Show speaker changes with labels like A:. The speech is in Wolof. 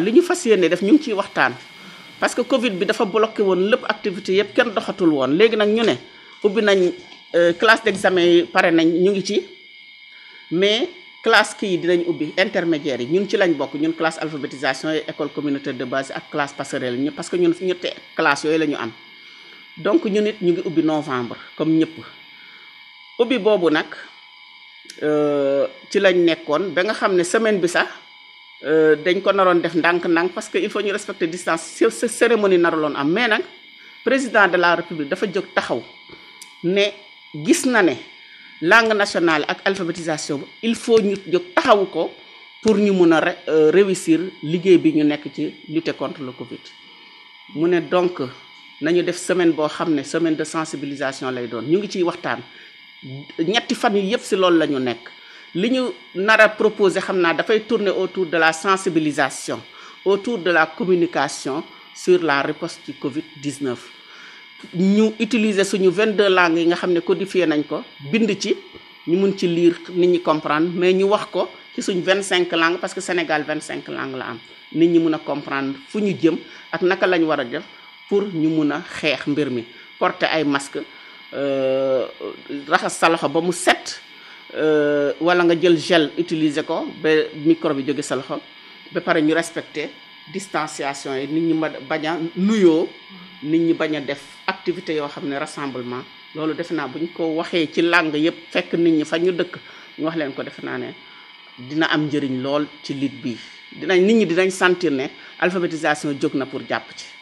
A: li ñu fas yéene def ñu ngi ciy waxtaan parce que Covid bi dafa bloqué woon lépp activité yëpp kenn doxatul woon léegi nag ñu ne ubbi nañ euh, classe d'examen yi pare nañ ñu ngi ci mais classe kii dinañ ubbi intermédiaire yi ñun ci lañ bokk ñun classe alphabétisation yi école communautaire de base ak classe passerelle ñu parce que ñun ñetti classe yooyu la ñu am donc ñun it ñu ngi ubbi novembre comme ñëpp ubbi boobu nag euh, ci lañ nekkoon ba nga xam ne semaine bi sax Euh, dañ ko naroon def ndànk-ndànk parce que il faut ñu respecter distance sa cérémonie naroon am mais nag président de la république dafa jóg taxaw ne gis na ne langue nationale ak alphabétisation bi il faut ñu jóg taxawu ko pour ñu mun a euh, réussir liggéey bi ñu nekk ci lutter contre le Covid. mu ne donc nañu def semaine boo xam ne semaine de sensibilisation lay doon ñu ngi ciy waxtaan ñetti fan yi yëpp si loolu la ñu nekk. li ñu nar a proposé, xam naa tourner autour de la sensibilisation autour de la communication sur la réponse du Covid 19. ñu utiliser suñu 22 langues yi nga xam ne codifié nañ ko bind ci ñu mun ci lire nit ñi comprendre mais ñu wax ko ci suñu 25 langues parce que Sénégal 25 langues la am nit ñi mun a comprendre fu ñu jëm ak naka lañ war def pour ñu mun a xeex mbir porter ay masques euh, raxas sa ba mu set. Euh, wala nga jël gel utiliser ko ba micro bi jóge sa loxo ba pare ñu respecter distanciation yi nit ñi ma bañ a nuyoo nit ñi bañ a def activité yoo xam ne rassemblement loolu defe naa bu ñu ko waxee ci làng yëpp fekk nit ñi fa ñu dëkk ñu wax leen ko defe naa ne dina am njëriñ lool ci lit bi dinañ nit ñi dinañ sentir ne alphabétisation jóg na pour jàpp ci